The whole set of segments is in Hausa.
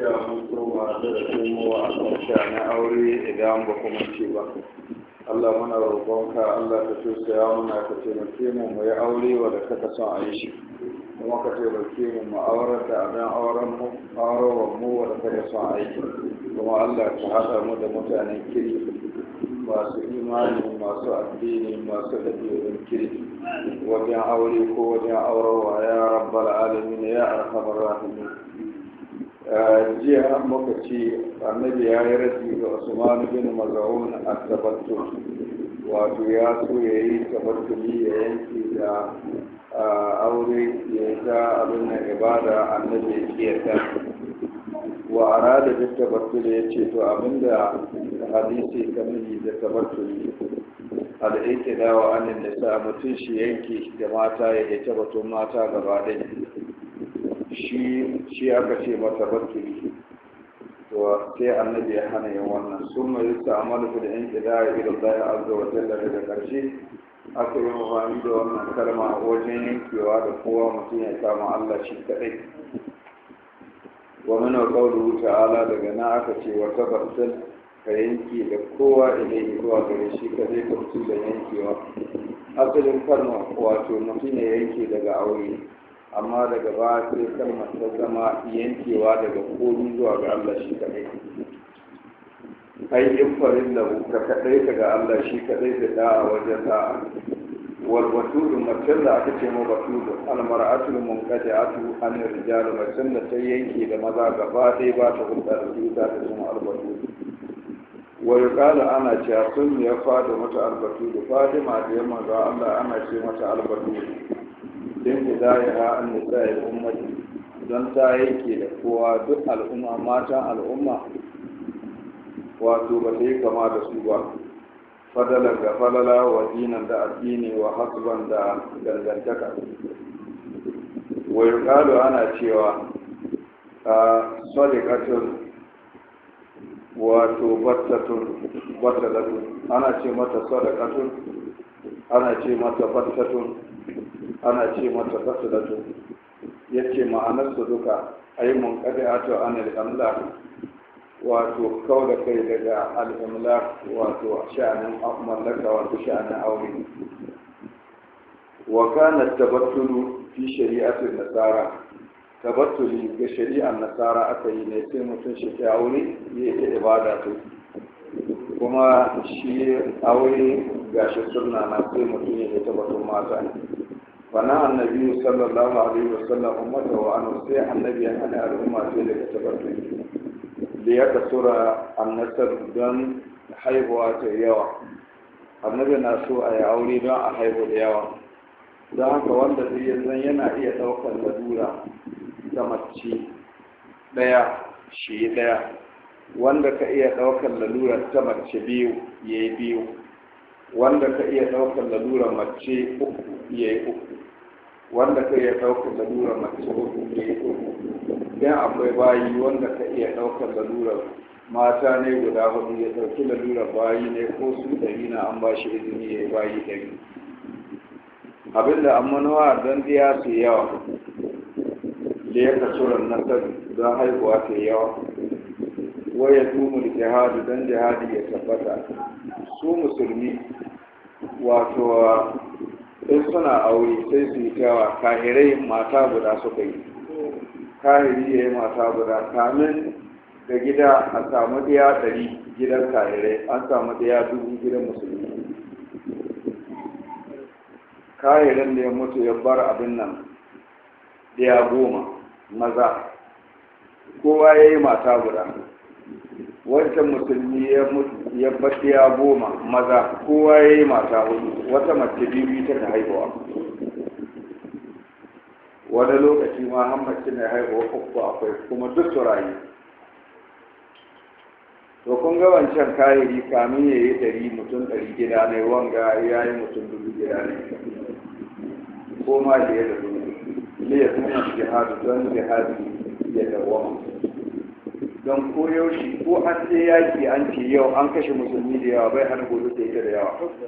ya mun koma da komowa a kwanciya na aure idan ba kuma ce ba Allah muna roƙonka Allah ka ce tausaya muna ka taimake mu mu yi aure wanda kaka son a yi shi kuma ka taimake mu mu auren da abin auren mu auren mu wanda kaka son a yi kuma Allah ka haɗa mu da mutanen kirki masu imani masu addini masu ɗabi'un Kiri. wajen aure ko wajen aurarwa ya rabbal alamin ya arhamar rahimin jiya muka annabi ya yi rafi ga usman bin maz'un a tabbatun wato ya so ya yi tabbatun ya yanki da aure ya yi ta abin na ibada annabi ya kiyata wa arada da tabbatun ya ce to abinda hadisi kamili da da yake dawa annin da sa mutum shi yanki da mata ya yi tabbatun mata gaba ɗaya shi aka ce masa bakiri to sai annabi ya hana yin wannan sun mai sa amalu da yanke da ya ila zai azza wa jalla daga karshe aka yi amfani da wannan kalma wajen yankewa da kowa mutum ya samu Allah shi kadai wa mana qawluhu ta'ala daga na aka ce wa tabattal ka yanke da kowa ilai zuwa gare shi kadai ka da yankewa asalin kalma wato mutum ya yanke daga aure amma daga ba sai kalmar ta zama yankewa daga komi zuwa ga Allah shi kadai ai in farin da ka kadai ka ga Allah shi kadai da da a wajen da wal da macen da aka ce ma watudu mun mar'atul munqati'atu an rijal macen da ta yanke da maza gaba dai ba ta hulɗa da su za ta zama albatu. watudu wa yuqalu ana cewa sun ya fada mata albatu da fadima da yamma ga Allah ana ce mata albatu. don izayara an nisa'il ummati don ta yake da kowa duk al'umma matan al'umma wato ba ta yi kama da su ba fadalar ga falala wa dinan da addini wa hasban da dangantaka wai kalu ana cewa a sadikatun wato battatul battalatun ana ce mata sadakatun ana ce mata battatul ana ce mata Fasilatu. ya ce su duka ai mun kada ato an al'amla wato kau da kai daga al'amla wato sha'anin mallaka wato sha'anin aure wa kana tabattulu fi shari'atin nasara tabattuli ga shari'ar nasara aka yi ne sai mutum shi ta aure ya yi ibada to kuma shi aure shi suna na sai mutum ya ta batun mata wannan annabi sallallahu alaihi wa sallam, ummata wa anu sai annabi ya hana al'umma sai da ta batun da ya kasura annasar don haihuwa ta yawa annabi na so a yi aure don a haihu da yawa don haka wanda zai yi zan yana iya ɗaukar ladura ta mace ɗaya shi ɗaya wanda ka iya ɗaukar lalurar ta mace biyu ya yi biyu wanda ka iya ɗaukar lalurar mace uku ya yi uku wanda ka iya ɗaukar lalurar mace uku ya yi uku idan akwai bayi wanda ka iya ɗaukar lalurar mata ne guda hudu ya ɗauki lalurar bayi ne ko su ɗari na an ba shi izini ya yi bayi ɗari abinda an manowa don biya su yawa da ya kasu nasar za haihuwa ta yawa waya dumul jihadi don jihadi ya tabbata su musulmi wato in suna aure sai su yi kawa. kahirai mata guda suka yi kahiri ya yi mata guda kamin da gida a samu ɗaya ɗari gidan kahirai an samu ɗaya dubu gidan musulmi kahirin da ya mutu ya bar abin nan ɗaya goma maza kowa ya yi mata guda wancan musulmi ya mutu ya bace ya goma maza kowa ya yi mata hudu wata mace biyu ta ta haihuwa wani lokaci ma har mace mai haihuwa uku akwai kuma duk su rayu to kun ga wancan kayari kamin ya yi ɗari mutum ɗari gida ne wanga ya yi mutum dubu gida ne ko ma da ya da dubu ne ya kuma jihadu don jihadi ya dawama don koyo shi ko an sai yaki an ce yau an kashe musulmi da yawa bai hana gobe da ita da yawa da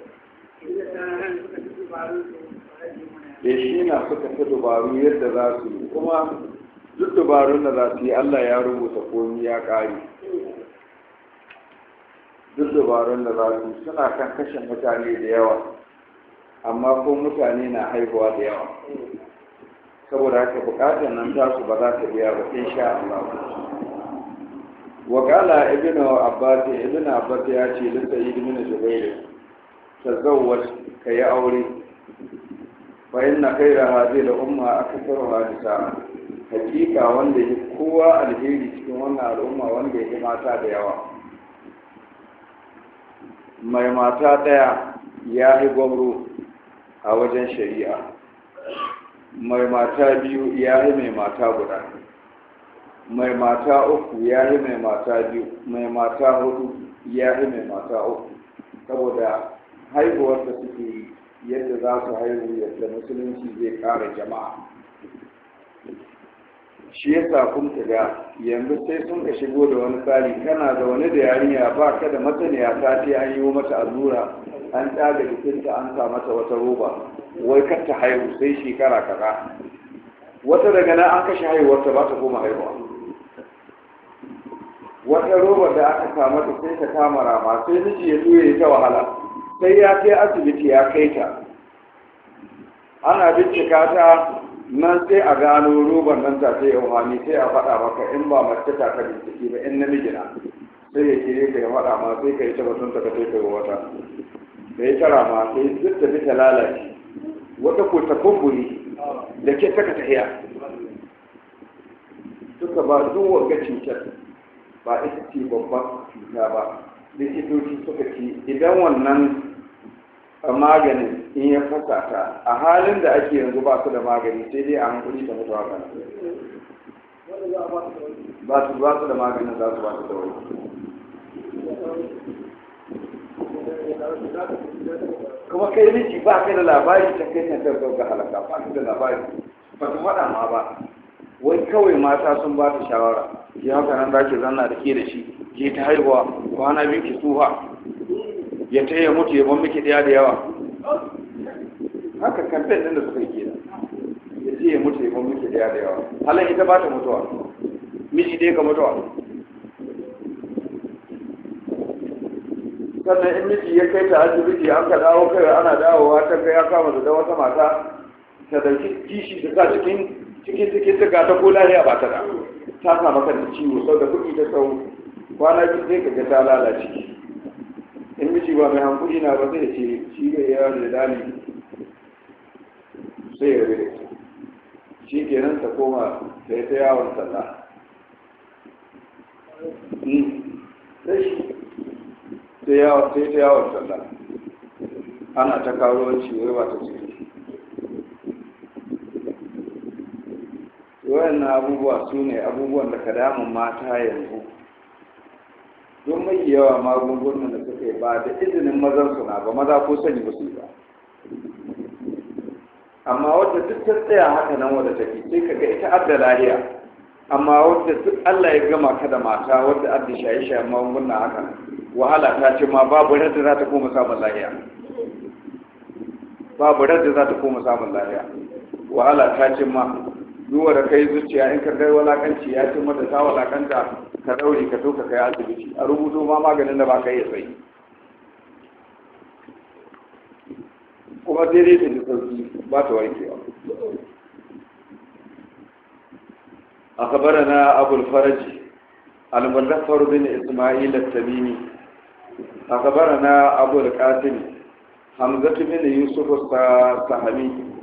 eh, shi na suka ta dubaru yadda za su yi kuma duk dubarun da za su yi allah ya rubuta komi ya kari duk dubarun da za su suna kan kashe mutane da yawa amma ko mutane na haihuwa da yawa saboda haka bukatar nan tasu ba za ta biya ba sha Allah wakala ibn abbas ابن عباس ya ce lissa من jubair تزوج ka yi aure خير هذه khayra hadhihi هذه umma hakika wanda ya kowa alheri cikin wannan al'umma wanda ya mata da yawa mai mata daya ya yi gwamro a wajen shari'a mai mata biyu ya yi mai mata guda mai mata uku ya yi mai mata biyu mai mata hudu ya yi mai mata uku saboda haihuwar da suke yi yadda za su haihu yadda musulunci zai kara jama'a shi sa kun ga yanzu sai sun ka shigo da wani tsari kana da wani da yarinya ba ka da masaniya ta ce an yi mata allura an tsaga jikinta an sa mata wata roba wai kar ta haihu sai shekara kaza wata daga nan an kashe haihuwarta ba ta koma haihuwa wata robar da aka kama da sai ta kama rama sai miji ya zuwa ya ta wahala sai ya kai asibiti ya kai ta ana bincika ta nan sai a gano robar nan ta sai yohani sai a faɗa maka in ba mace ta ka ke ba in namiji na sai ya kire ka ya faɗa ma sai ka yi ta batun ta ka sai ka wata da ya tara ma sai duk ta bi ta lalace wata ko ta kumburi da ke saka ta iya suka ba duk wagga cutar ba ita ce babban cuta ba likitoci suka ce idan wannan maganin in ya fasa ta a halin da ake yanzu ba su da magani sai dai a hankuli ta mutuwa kan ba su ba su da maganin za su ba su da wani kuma kai ci ba kai da labari ta kai ta ga halaka ba su da labari ba su faɗa ma ba wai kawai mata sun ba ta shawara je haka nan za ki zanna da ke da shi je ta haihuwa kwana biyu ki tsufa ya ta ya mutu ya ban miki ɗaya da yawa haka kamfen ɗin da suka yi da ya ce ya mutu ya ban miki ɗaya da yawa halin ita ba ta mutuwa miji dai ka mutuwa sannan in miji ya kai ta asibiti an ka dawo kai ana dawowa ta kai ya kama da wata mata ta dauki kishi da sa cikin ciki ciki ta kula ko lahiya ba ta da ta sa maka da ciwo sau da kuɗi ta tsawo kwana biyu sai ka ga ta lalace in miji ba mai hankuli na ba sai ce shi ga yawa da dami sai ya rere shi nan ta koma sai ta yawon sallah hmm. sai ta yawon sallah ana ta kawo ciwo ba ta ciki wayannan abubuwa su ne abubuwan da ka damun mata yanzu don mai yawa magungunan da suka yi ba da izinin mazan suna ba maza ko sanyi ba su ba amma wadda duk ta tsaya haka nan wadda fi sai kaga ita adda lahiya amma wadda duk Allah ya gama ka da mata wadda adda shaye shaye magunguna haka wahala ta ce ma babu radda za ta koma samun lahiya babu radda za ta koma samun lahiya wahala ta ce ma duwa da kai zuciya in ka kai walakanci ya ce mata ta walakanta ka rauni ka to ka kai asibiti a rubuto ma maganin da ba kai ya tsayi kuma sai dai ta jisarki ba ta wanke ba a kabara na abul faraji al-mulaffar bin isma'il al-tamimi a kabara na abul qasim hamzatu bin yusuf as-sahami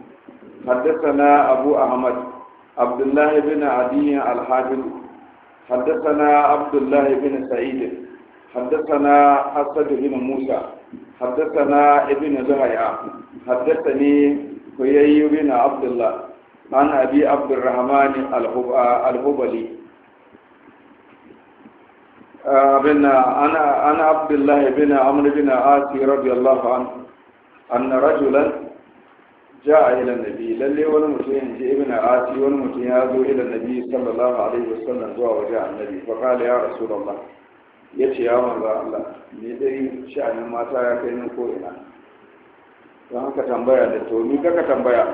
حدثنا أبو أحمد عبد الله بن عدي الحافظ حدثنا عبد الله بن سعيد حدثنا حسد بن موسى حدثنا ابن زهيا حدثني هيي بن عبد الله عن أبي عبد الرحمن الهبلي بن أنا أنا عبد الله بن عمرو بن عاصي رضي الله عنه أن رجلا ja a ilan nabi lalle wani mutum ya ce ibn ati wani mutum ya zo ilan nabi sallallahu alaihi wasallam zuwa waje annabi fa qala ya rasulullah ya ce ya manzo Allah me dai sha'anin mata ya kai ni ko ina don haka tambaya da to ni kaka tambaya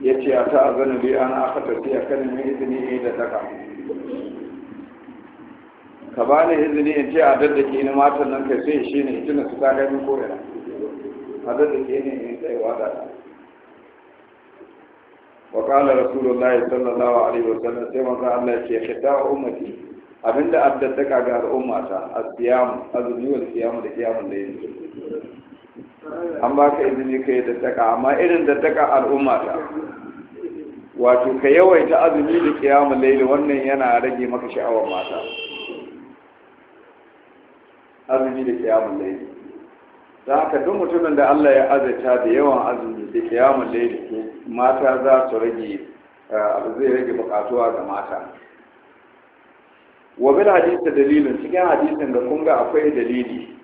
ya ce a ta azana bi ana aka tafi a kan mai izini ne da daga ka ba ni izini in ce a daddake ni matan nan kai sai shi ne tuna su ta kai ni ko ina a daddake ni in tsayawa da ta وقال رسول الله صلى الله عليه وسلم سيما قال الله شيخ خطاء أمتي أبن ده أجار أمتا الصيام أذني والصيام لقيام الليل an ka izini ka yi dattaka amma irin dattaka al'umma ta wato ka yawaita azumi da kiyamun laili wannan yana rage maka sha'awar mata azumi da laili za haka duk mutumin da Allah ya azata da yawan azumi da kiyamun laili mata za su rage eh, abu zai rage bukatuwa ga mata wa bil hadisi dalilin cikin hadisin da kun akwai dalili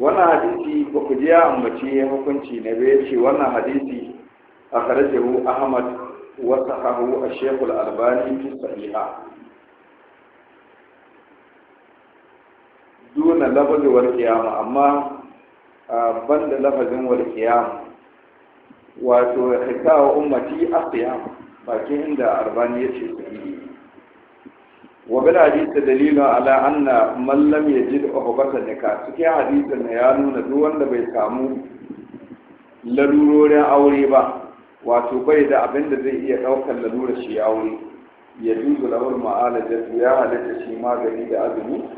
wannan hadisi ba ku ji ya ambaci hukunci na bai ce wannan hadisi a kharajahu ahmad wa sahahu ash-shaykh al-albani fi sahiha duna lafazi kiyama amma banda lafazin wal kiyama wato hikawa ummati asiyam bakin inda arbani ya ce su yi wa bil hadisa dalilin ala anna man lam yajid uhbata suke cikin na ya nuna duk wanda bai samu larurorin aure ba wato bai da abin da zai iya ɗaukar lalurar shi aure ya duzu ma'ala da ya halitta shi magani da azumi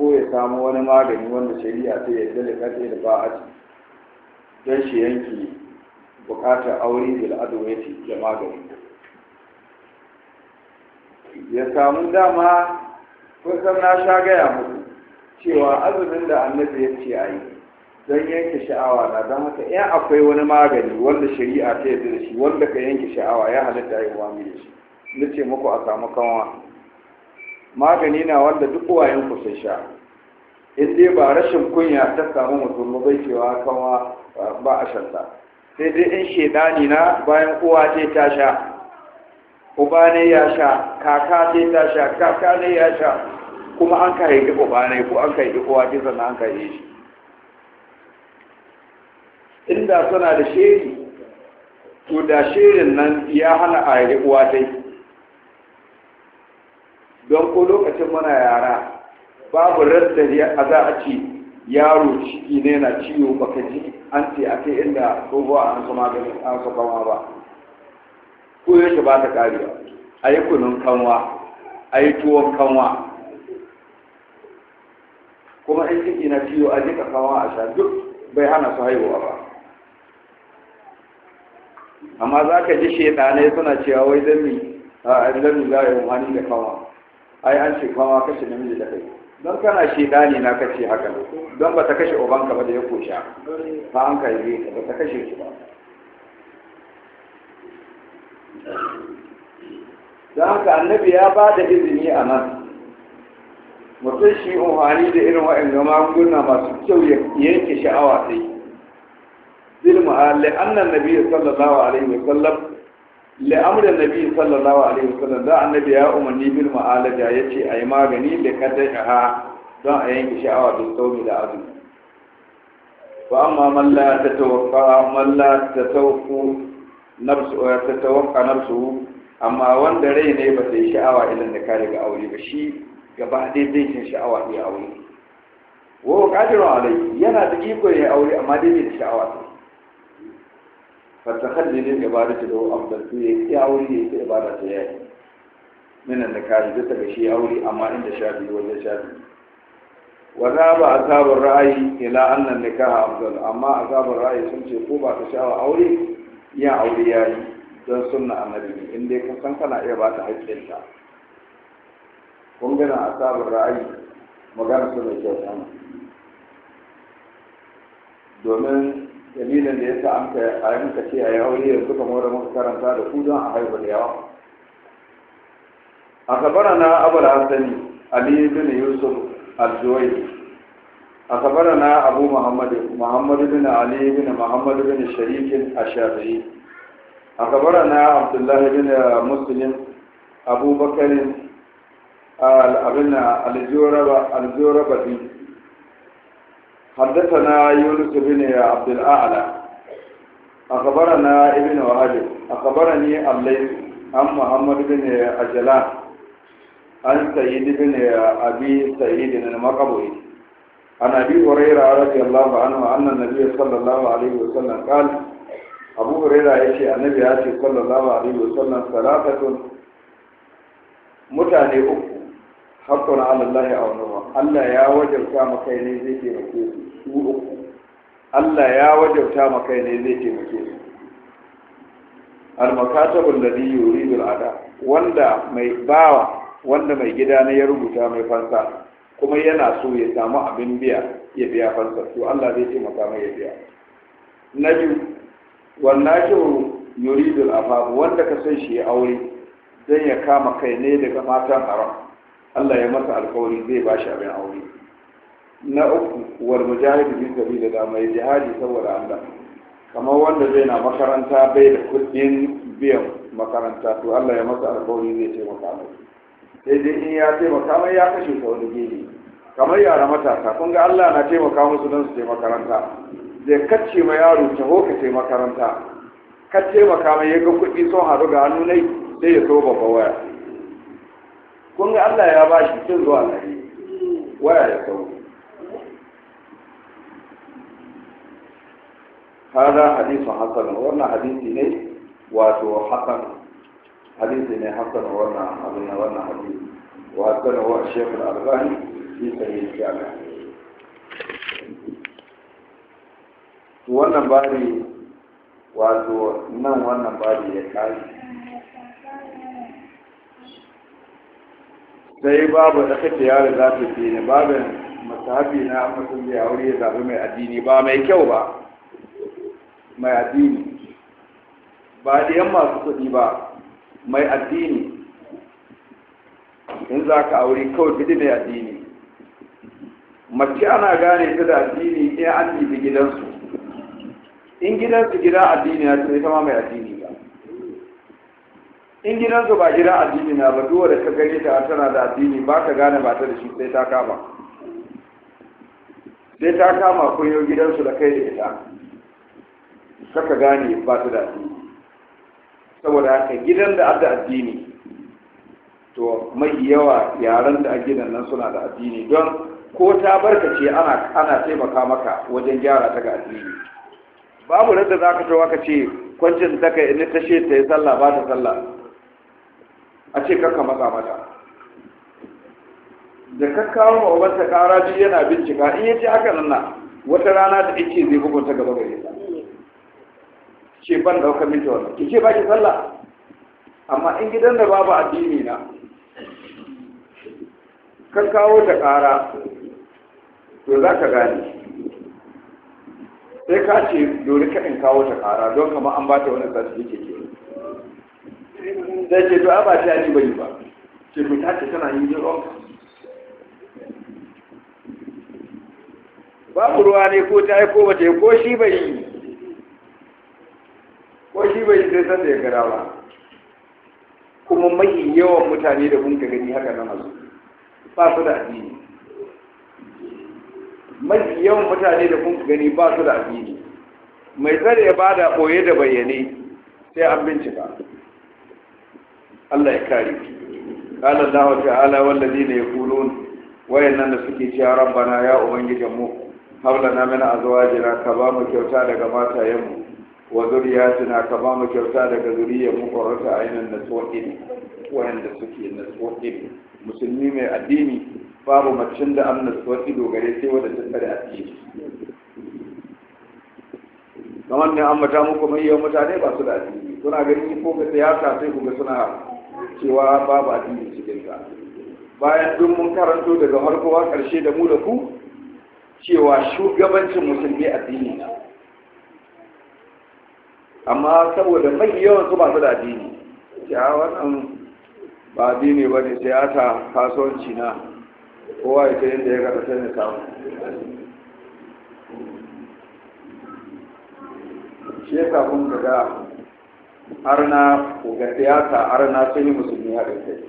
ko ya samu wani magani wanda shari'a ta yadda da kace da ba a ci don shi yanki bukatar aure da adwati da magani ya samu dama kusan na sha gaya muku cewa azumin da annabi ya ce a yi don yanke sha'awa na don haka in akwai wani magani wanda shari'a ta yadda da shi wanda ka yanke sha'awa ya halitta yi wa da shi na ce muku a samu kanwa magani na wanda duk wayan ku sai sha in dai ba rashin kunya ta samu mutum bai cewa kama ba a shanta sai dai in shedani na bayan uwa ce ta sha uba ne ya sha kaka ce ta sha kaka ne ya sha kuma an ka haifi uba ne ko an ka haifi uwa ce sannan an ka haifi shi inda suna da shiri to da shirin nan ya hana a haifi uwa ta yi don ko lokacin muna yara babu radda a za a ce yaro ciki ne na ciwo baka ji an ce a kai inda tsohuwa a kuma maganin an su kama ba ko yake ba ta karewa a yi kunun kanwa a yi tuwon kanwa kuma in ciki na ciwo a jika kanwa a sha duk bai hana su haihuwa ba amma za ka ji shaidanai suna cewa wai zami a zami za a yi wani da kanwa ai an ce kwama kashe namiji da kai don kana shi dani na kace haka don ba ta kashe ubanka ba da ya kosha ba an kai ne ba ta kashe shi ba don haka annabi ya ba da izini a nan mutum shi umarni da irin waɗanda magunguna masu kyau yanke sha'awa sai bil ma'alli annan nabi sallallahu alaihi wa sallam la'amuran nabi sallallahu alaihi wasallam da annabi ya umarni bil ma'alaja yace ayi magani da kadaiha don a yanke sha'awa da sauri da azumi fa amma man la tatawaffa man nafsu amma wanda rai ne ba sai sha'awa idan da kare ga aure ba shi gaba dai zai cin sha'awa a aure wa qadirun yana da iko ya aure amma dai bai da sha'awa fatahalli lil ibadati da afdal ya yi aure yi ibada ta yayi minan da kai da daga shi aure amma inda shafi wajen shafi wa za ba azabar ra'ayi ila annan nikaha afdal amma azabar ra'ayi sun ce ko ba ta shawa aure ya aure ya yi don sunna annabi ne in dai ka san kana iya ba ta haƙƙinta kun gana sabon ra'ayi magana su mai kyau domin dalilin da yasa an ka a muka ce a yi aure yanzu kamar da muka karanta da ku don a haihu da yawa a kabara na abul hasani ali bin yusuf al-zuwayi a kabara na abu muhammad muhammad bin ali bin muhammad bin sharikin ashabi a kabara na abdullahi bin muslim abubakar al-abin al-zuraba al-zurabati حدثنا يونس بن عبد الأعلى أخبرنا ابن وهب أخبرني الليث عن محمد بن أجلان عن سيد بن أبي سعيد المقبوي عن أبي هريرة رضي الله عنه أن النبي صلى الله عليه وسلم قال أبو هريرة يشي النبي صلى الله عليه وسلم ثلاثة متعني أخرى hakuna alallahi a wani Allah ya wajauta makai ne zai taimake su su uku Allah ya wajauta makai ne zai taimake su almakatabul ladhi yuridu ada wanda mai bawa wanda mai gida ne ya rubuta mai fansa kuma yana so ya samu abin biya ya biya fansa to Allah zai taimaka mai ya biya na biyu wannan yuridu afafu wanda ka san shi ya aure dan ya kama kai ne daga matan haram Allah ya masa alkawari zai ba shi abin aure na uku wal mujahid da sabilillah mai jihadi saboda Allah kamar wanda zai na makaranta bai da kudin biyan makaranta to Allah ya masa alkawari zai taimaka mai sai dai in ya taimaka mai ya kashe ka wani gini kamar yara matasa kun ga Allah na taimaka musu don su je makaranta zai kacce ma yaro ta hoka ce makaranta ka taimaka mai ya ga kuɗi son haɗu ga hannu nai sai ya so babba waya kun ga Allah ya ba shi cin zuwa na yi waya da sauri hada hadisun hasan wannan hadisi ne wato hasan hadisi ne hasan wannan abin na wannan hadisi na hasan wa albani shi albani fi shi jami'a wannan bari wato nan wannan bari ya kai sai babu da kake yare za ta fi ne babin masahabi na mutum zai aure ya zaɓi mai addini ba mai kyau ba mai addini ba yan masu kuɗi ba mai addini in za ka aure kawai gidi mai addini mace ana gane ta da addini in an bi gidansu in gidansu gida addini na ce, ita kama mai addini in gidansu ba gidan addini na ba duwa da ka gani ta tana da addini ba ka gane ba ta da shi sai ta kama sai ta kama kun yi gidansu da kai da ita saka gane ba ta da addini saboda haka gidan da adda addini to mai yawa yaran da a gidan nan suna da addini don ko ta barka ana ana taimaka maka wajen gyara ta ga addini babu da za ka ka ce kwancin ta kai in ta ta yi sallah ba ta sallah a ce kakka matsa mata da kakkawa wa wata kara duk yana bincika in yace haka nan na wata rana da ake zai bugunta gaba gare ta ce ban daukar minti wannan ki ce ba ki sallah amma in gidan da babu addini na Kan kawo ta kara to za ka gane sai ka ce dole ka in kawo ta kara don kama an ba ta wani ke zai ce to a ba ta yi bai ba ce to ta ce tana yi jin Ba babu ruwa ne ko ta yi ko ba ta yi ko shi bai yi ko shi bai yi sai san da ya gara ba kuma mai yawan mutane da kun ka gani haka na masu ba su da addini mai yawan mutane da kun ka gani ba su da addini mai tsare ba da ɓoye da bayyane sai an bincika Allah ya kare qala Allah ta'ala kulo ne. Wayan wayannan da suke ci cewa rabbana ya ubangijin mu a zuwa azwajina ka ba mu kyauta daga matayen mu wa zuriyatina ka ba mu kyauta daga zuriyar mu qurrata aynan wayan wayanda suke nasuwin musulmi mai addini babu macin da amna suwin dogare sai wanda ta tsare addini kamar ne an mata muku mai yau mutane ba su da addini suna ganin ko ga siyasa sai ku ga suna cewa babu addini cikin ta bayan duk mun karanto daga harkowa karshe da mu da ku cewa shugabancin musulmi addini na amma saboda mai yawan su masu da addini ya wannan ba addini ba ne ta kasuwanci na kowa ya sayin da ya gada sai ta samu shi ya kafin ka Har na ga siyasa har sun yi musulmi haɗin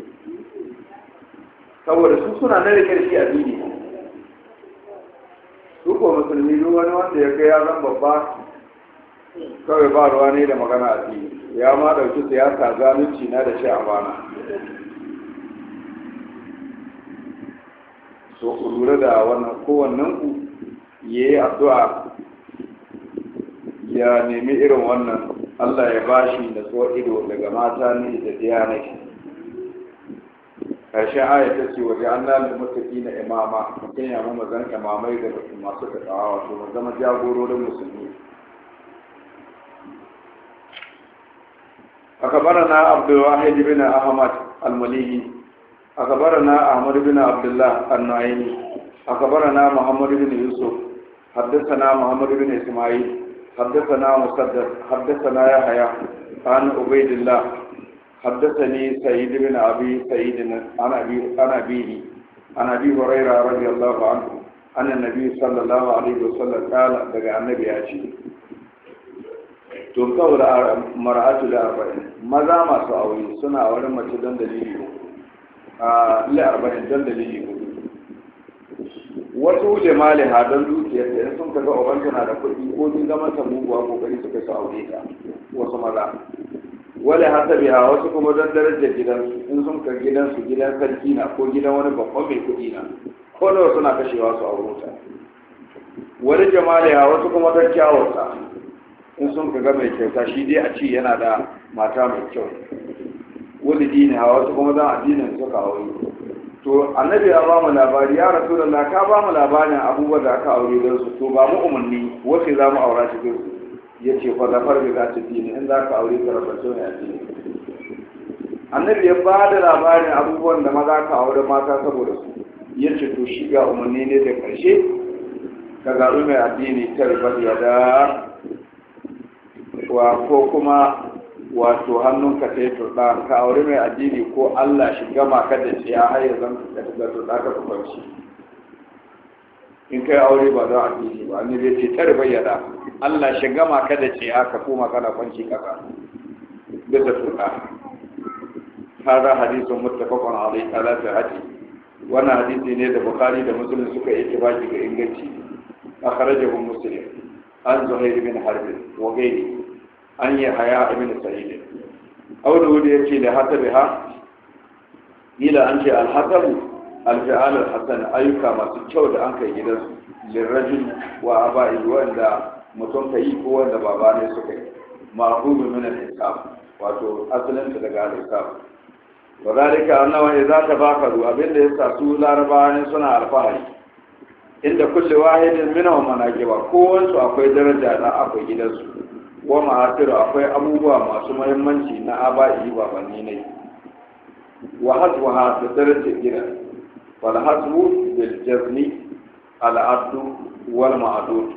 saboda su suna na da ƙarfi a dini su ko musulmi duk wani wanda ya kai ya zan babba kawai ba ruwa ne da magana a dini ya ma ɗauki siyasa zalunci na da shi a bana so ku lura da wannan kowannen ku ya yi addu'a ya nemi irin wannan Allah ya ba shi da tso ido daga mata ne da ta yana shi. Ƙarshen aya ce waje wa ja'anna da mutaki na imama mutum ya mu mazan imamai da mutum masu ta tsawa wato mu zama jagororin musulmi. A kabara na Abdulwahid bin Ahmad al-Malihi, a kabara na Ahmad bin Abdullah al-Na'ini, a kabara na Muhammad bin Yusuf, haddasa na Muhammad bin Ismail, حدثنا مسدد حدثنا يحيى عن عبيد الله حدثني سعيد بن ابي سعيد عن ابي عن ابيه عن ابي هريره رضي الله عنه ان النبي صلى الله عليه وسلم قال دغ النبي ياتي tun kawar mara'atu da arba'in maza masu aure suna auren mace don dalili a le arba'in don dalili wasu jamali don dukiyar da sun kaga ubanta na da kuɗi ko sun zama ta muguwa kokari suka su aure ta wasu maza wale hasa biya wasu kuma don darajar gidansu in sun ka gidansu gidan sarki na ko gidan wani babban mai kuɗi na ko nawa suna kashewa su aure ta wani jamali a wasu kuma don kyawarsa in sun kaga mai kyauta shi dai a ci yana da mata mai kyau wani dini a wasu kuma don addinin suka aure to annabi ya ba mu labari ya rasulullah ka ba mu labarin abubuwa da aka aure don su to ba mu umarni wace za mu aura shi su ya ce fa zafar bi za ta dini in za ka aure ka rabarta ne a dini annabi ya ba da labarin abubuwan da maza ka aure mata saboda su ya ce to shi ga umarni ne da karshe ka zaɓi mai addini ta ribar yada wa ko kuma wato hannunka ta yi turɗa ka aure mai addini ko Allah shi gama ka da ce a hayar zan ka ta turɗa ka ku barci in kai aure ba don addini ba ni zai ce ta bayyana Allah shi gama ka da ce ka koma kana kwanci kaka da turɗa hada hadisun muttafaqun alayhi ala sahati wannan hadisi ne da bukhari da muslim suka yi kibaji ga inganci akhrajahu muslim an zuhair bin harb wa ghayrihi an yi haya ibn sa'id audu da ce da haka hasabi ha ila an ce al-hasabu al-fi'al al-hasan ayyuka masu kyau da an kai gidansu lirrajul wa aba'i wanda mutum kai ko wanda baba ne suka yi ma'hubu min al-hisab wato asalin ta daga al-hisab wa zalika annahu idza tabakaru abinda yasa su larabawa suna alfahari inda kulle wahidin minhum manaqiba kowansu akwai daraja na akwai gidansu wa ma'asiru akwai abubuwa masu muhimmanci na aba'i babanni ne wa hasu ha da darajar gina wal hasu da jazmi al addu wal ma'adud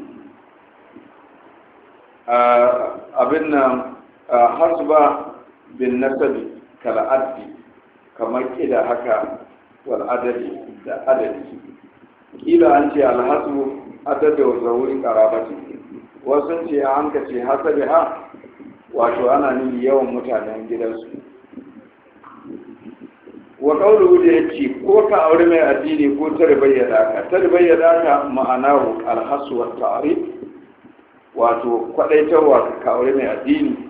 abin nan hasba bin nasabi kal addi kamar kida haka wal adadi da adadi kila an ce al adadi wa zawuri qarabati wasu ce a hanka ce hasabi ha wato ana nuni yawan mutanen gidansu wa kaulu da ya ce ko ka aure mai addini ko ta ribayyada ka ta ribayyada ka ma'anahu alhasu wa wato kwadaitarwa ka aure mai addini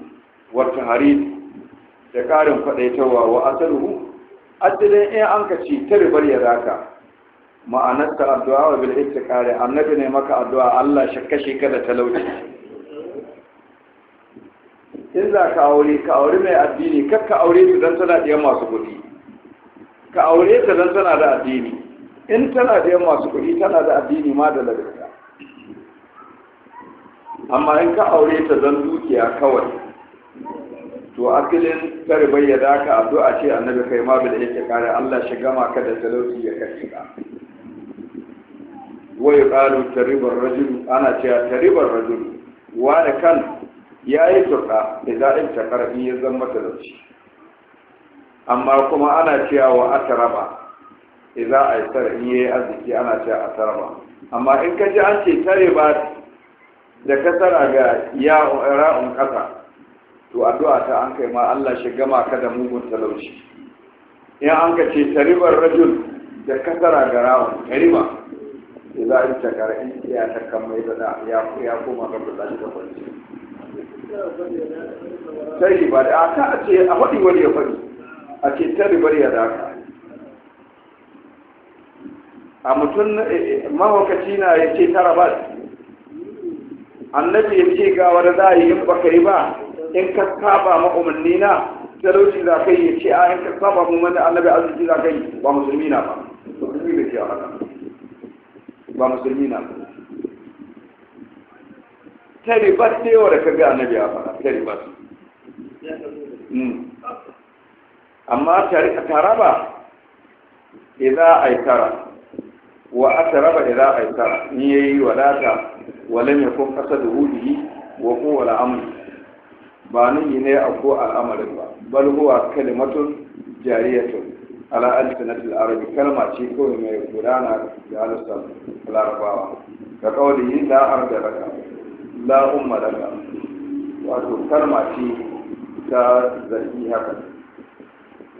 wa tare da karin kwadaitarwa wa asaluhu asalin in an ka ce ta ribayyada ka ma'anarta addu'a wa bil kare annabi ne maka addu'a Allah shakkashe ka da talauci in za ka aure ka aure mai addini kar ka aure ta dan tana da masu kuɗi ka aure ta dan tana da addini in tana da masu kuɗi tana da addini ma da lagarta amma in ka aure ta dan dukiya kawai to akilin tare bayyana ka addu'a ce annabi kai ma bil kare Allah shi gama ka da talauci ya kashe ka wai ƙalu taribar rajul ana cewa taribar rajul wa kan ya yi turɗa, da za'in ta ƙarfi ya zama talauci amma kuma ana cewa wa a idza aisar in yayi arziki ana cewa ataraba amma in ka ji an ce tare da kasara ga ya ra'un kasa to addu'a ta an kai ma Allah shi gama ka da mugun talauci in an ka ce taribar rajul da kasara ga ra'un kariba za a yi takara in iya ta kamai da da ya koma ga da shi da kwanci sai shi ba da aka a ce a faɗi wani ya faɗi a ce ta ribar ya daka a mutum eh, eh, mahaukaci na ya ce tara ba annabi ya ce ga wani za a yi in baka yi ba in ka saba ma na talauci za ka yi ya ce a ah, in ka saba mu mana annabi arziki za ka yi ba musulmi na ba musulmi da ke a haka ba musulmi na ta riba ce yawa da kaga annabi ya fara ta riba hmm. amma taraba yi aikara wa yi tara, aikara ya yi wadata wa lam yakun qasadu hudihi wa huwa al ba nan ne a ko al'amarin ba bal huwa kalimatun jariyatun ala alfinatul arabi kalma ce kawai mai gudana da halittar larabawa ka kawai la arda laka la umma laka wato kalma ce ta zargi haka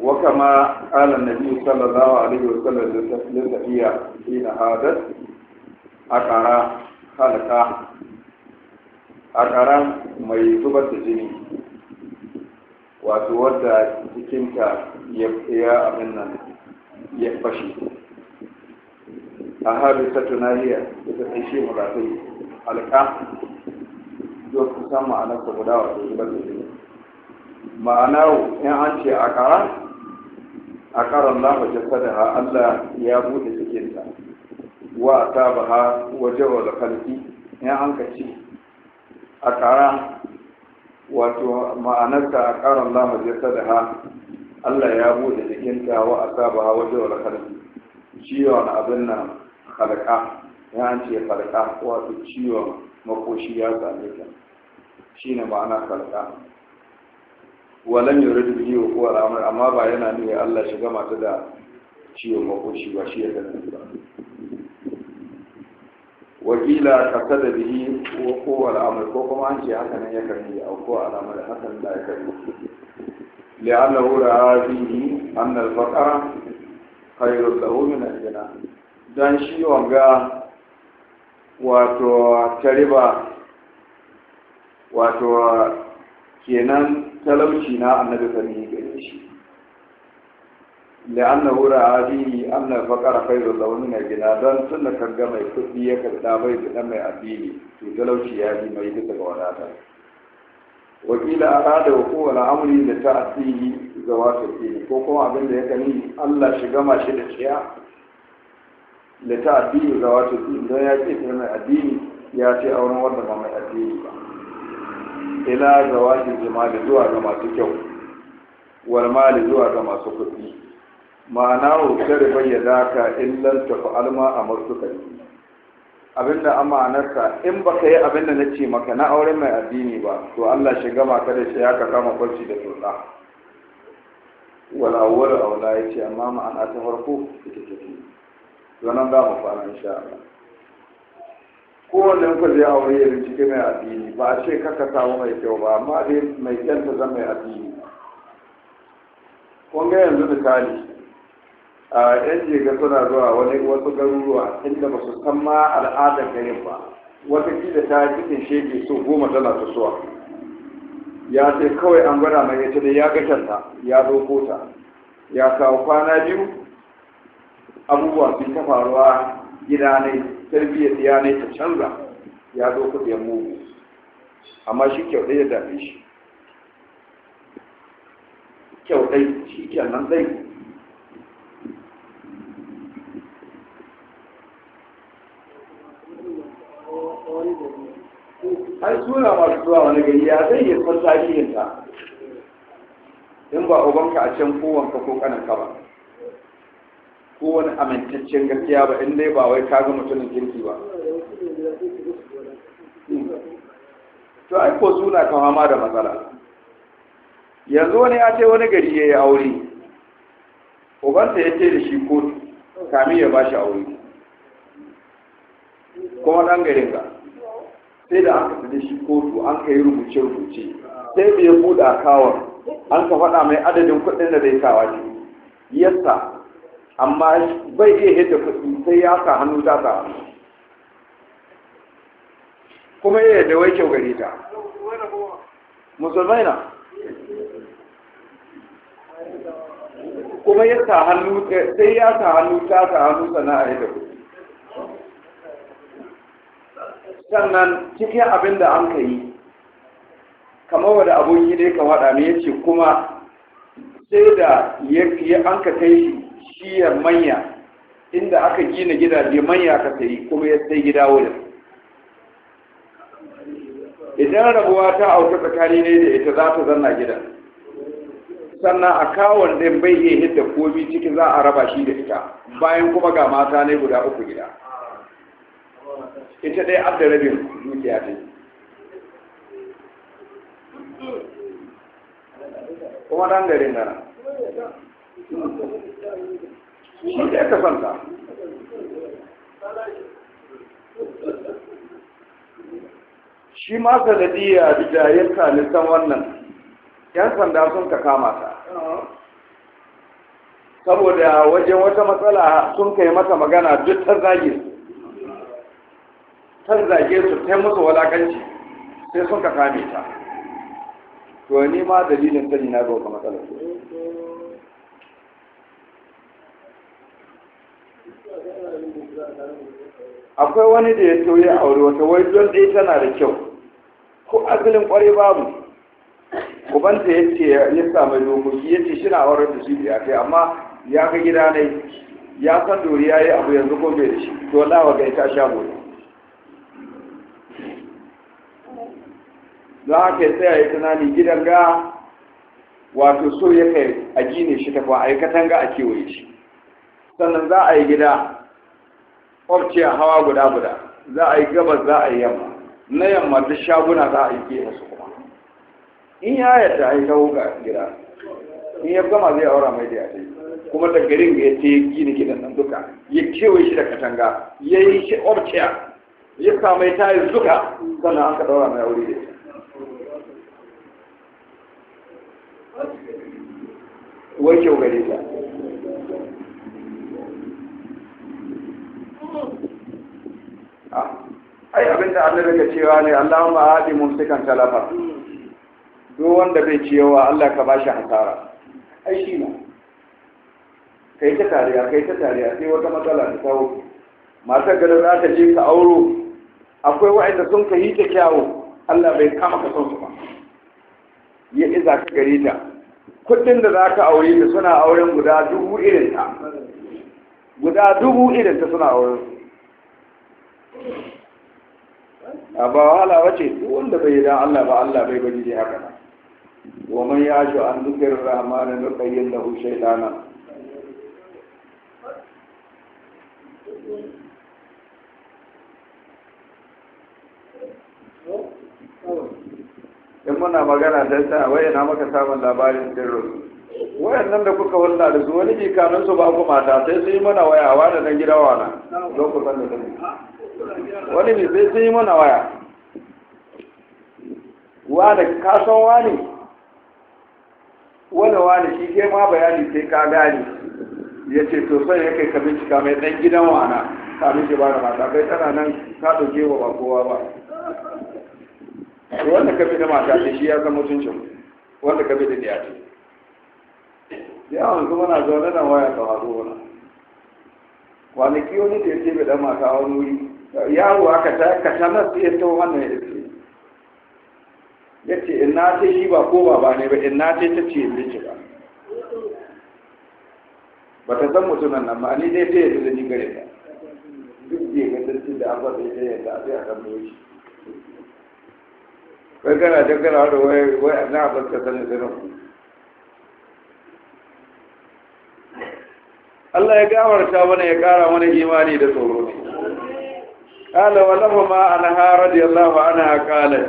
wa kama ala nabi sallallahu alaihi wa sallam da tafiya ina hadat akara halaka akara mai zubar da jini wato wadda jikinta ya ya abin nan ya fashe a harin ta tunaniya ita ta shi mulatai alka zo ku san ma'anar ta guda wato yi. da jini ma'ana in an ce a kara a karan lafa jasada Allah ya bude jikinta wa ta ba ha waje wa in an ka ce a kara wato ma'anarta a ƙarar lamar da ha Allah ya bude jikinta wa asaba wajen wal khalq ciwon abin nan khalqa ya an ce khalqa wato ciwon makoshi ya same ta shine ma'ana khalqa walan yurid bihi wa huwa amma ba yana nuna Allah shiga mata da ciwon makoshi ba shi ya sanar ba wakila kasa da bihi ko al'amur ko kuma an ce haka nan ya karbi a ko al'amur haka nan da ya karbi li'anna wura bihi anna al-faqa khairul lahu min al-jana dan shi wanga wato tariba wato kenan talauci na annabi sallallahu alaihi wasallam لأن هو رأيه أن فقر خير له من الغنى سنة كرغا مي كدي يا كدا باي بدا مي أديني في تلوشي يا دي مي بدا غوانا وقيل أراد وقوع الأمر لتأتيه زوات الدين كوكو أبن ده كني الله شغا شد شيا لتأتيه زوات الدين دون يا كي مي يأتي يا تي أورن ورد ما مي أديني إلى زوات الجمال زوا ما تكيو والمال زوا ما سكتي ma'ana wuce da bayyana ka illan tafi alma a martuka abinda a ma'anarka in ba ka yi abinda na ce maka na auren mai addini ba to allah shi gama ka da shi ya ka kama kwarci da turɗa wala wala aula ya ce amma ma'ana ta farko ita ta fi zanen za mu fara insha allah kowanne ku zai aure ya bincike mai addini ba a ce kaka samu mai kyau ba amma dai mai kyanta zan mai addini kun ga yanzu misali a yan jega suna zuwa wani wasu garuruwa inda ba su san ma al'adar garin ba wata kila ta cikin shege su goma tana tasowa ya sai kawai an gwada mai ya da ya gashanta ya doko ta ya kawo kwana biyu abubuwa sun ta faruwa gida ne tarbiyyar ya ne ta canza ya doko da mugu amma shi kyau ɗaya da shi kyau ɗai shi nan zai tura masu zuwa wani gari ya zai yi san ta in ba ubanka a can kowanka ko kananka ba ko wani amintaccen gaskiya ba in dai ba wai ka ga mutumin kirki ba to ai ko suna kama ma da matsala yanzu wani ya ce wani gari ya yi aure ubansa ya ce da shi kotu kami ya ba shi aure kuma ɗan garin ka sai da aka tafi shi kotu an kai rubuce-rubuce sai da buɗa kawar an ka faɗa mai adadin kuɗin da zai kawa ce yasa amma bai iya hidda kuɗi sai ya sa hannu ta sa hannu kuma ya yarda wai kyau gare ta musulmai na kuma ya sa hannu eh, sai ya sa hannu ta sa hannu sana'a hidda kuɗi sannan cikin abin da an ka yi kamar wadda aboki dai ka waɗa ne ya ce kuma sai da ya an ka kai shiyar manya inda aka gina gida gidaje manya ka sayi kuma ya sai gida wuri idan rabuwa ta auta tsakani ne da ita za ta zanna gidan sannan a kawon ɗin bai iya hidda komi ciki za a raba shi da ita bayan kuma ga mata ne guda uku gida ita dai abda rabin dukiya ce kuma dan garin nan shi da ka fanta shi ma sanadiyya da ya san wannan yan sanda sun ka kama ta saboda wajen wata matsala sun kai mata magana duk ta zage su ta zage su ta musu walakanci sai sun ka kame ta to ni ma dalilin sani na ga matsalar akwai wani da ya tauye aure wata wai don ɗaya tana da kyau ko asalin kwarai babu Kubanta ya ce ya samu dokoki ya ce shi na auren da shi a kai amma ya ga gida ne ya san dori ya yi abu yanzu ko bai da shi to lawa ga ita sha gobe don haka ya tsaya ya tunani gidan ga wato so ya kai a gine shi tafa a yi katanga a kewaye shi sannan za a yi gida a hawa guda guda za a yi gabas za a yi yamma na yamma duk shaguna za a yi gefe su kuma in ya yadda a yi kawo ga gida in ya gama zai aura mai da yadda kuma da garin ya ce gini gidan nan duka ya kewaye shi da katanga ya yi shi kwabciya ya samai tayi zuka sannan an ka daura mai aure da ita wai kyau gare ta ah, ai abinda Allah daga cewa ne Allahumma hadi mumsikan talafa duk wanda bai ciyawa Allah ka bashi hasara ai shi ne kai ta tariya kai ta tariya sai wata matsala ta kawo matar gada za ta je ka auro akwai wa'anda sun ka yi ta kyawu Allah bai kama ka son su ba ya iza ka gare ta kuɗin da za ka aure da suna auren guda dubu irin ta guda dubu irin ta suna auren a ba wahala wace ce wanda bai dan Allah ba Allah bai bari dai haka nan wa man yashu an dhikrir rahmanin da lahu shaytanan in muna magana ta yasa waye na maka samun labarin wayan wayannan da kuka hulɗa da su wani jikanin su ba ku mata sai su yi mana waya wa da nan gida wana don da zai wani ne sai sun yi mana waya wa da kasan wani wani wani shi ke ma bayani sai ka gane ya ce to sai ya kai ka bincika mai ɗan gidan wana ka mishi ba da mata kai tana nan ka ɗauke wa ba kowa ba wanda ka bi da mata ce shi ya zama mutuncin wanda ka bi da diya ce yawon kuma na zaune na waya ta wazo wani kwanaki wani da ya ce bai da mata wani wuri yaro aka ta ka sanar da ya ta wannan ya ce ya ce in na ce shi ba ko ba ne ba in na ce ta ce ya ce ba ba ta san mutunan nan ba ni dai ta yi da ni gare ta duk da ya ga da an ba da ya yadda a sai a kan mai wai kana can kana da wai wai na abin ka sanin sanin ku Allah ya gawarta mana ya kara mana imani da tsoro ne قال ولهما عنها رضي الله عنها قالت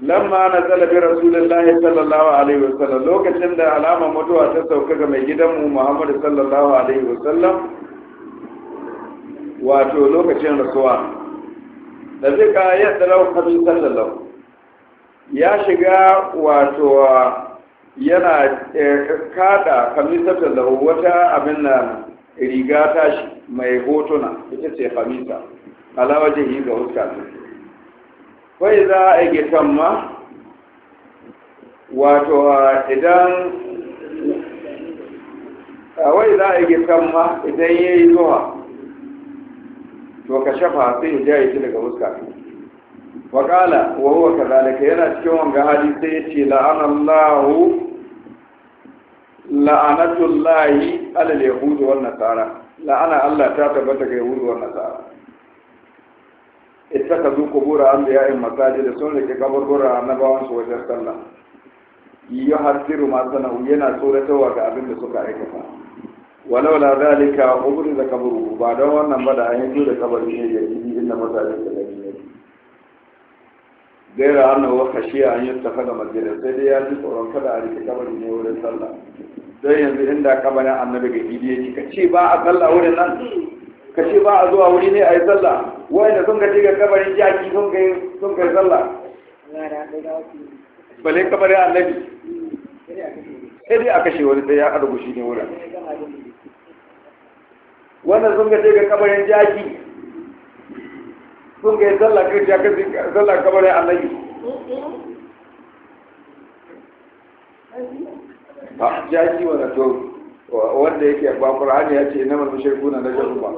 لما نزل برسول الله صلى الله عليه وسلم lokacin da alama mutuwa ta sauka ga mai gidanmu Muhammadu sallallahu alaihi wasallam wato lokacin rasuwa da zika ya dalau kabi sallallahu ya shiga wato yana eh, kada kamisar da wata abin na riga tashi mai hotuna ita ce kamisa alawajen yi ga huska kai za a yi ma wato idan wai za a yi ma idan ya yi zuwa to ka shafa sai ya jaye shi daga huska waƙala wa huwa kazalika yana cikin wanga hali sai ya ce la'anallahu la'anatullahi alal yahudu wan nasara la'ana Allah ta tabbata ga yahudu wan nasara ittakazu qubura anbiya'in masajid sun rike kaburbura annabawan su wajen sallah yuhaddiru ma sana'u yana tsoratarwa ga abin da suka aikata walau la zalika qubur da kaburu ba don wannan ba da an yi da kabari ne ya yi inda masajid da gaira annahu wa khashiya an da masjidan sai dai ya ji tsoron kada a rike kabari ne wurin sallah don yanzu inda kabarin annabi ga idi yake ka ce ba a sallah wurin nan ka ce ba a zuwa wuri ne a yi sallah wanda sun ka ce ga kabarin jaki sun kai sun kai sallah bale kabarin annabi sai dai a kashe wani sai ya karbu shi ne wurin wannan sun ka ce ga kabarin jaki sun ga sallah kai ya kace kamar ya annabi ba jaji wa to wanda yake ba kurani ya ce na innamal na najasun ba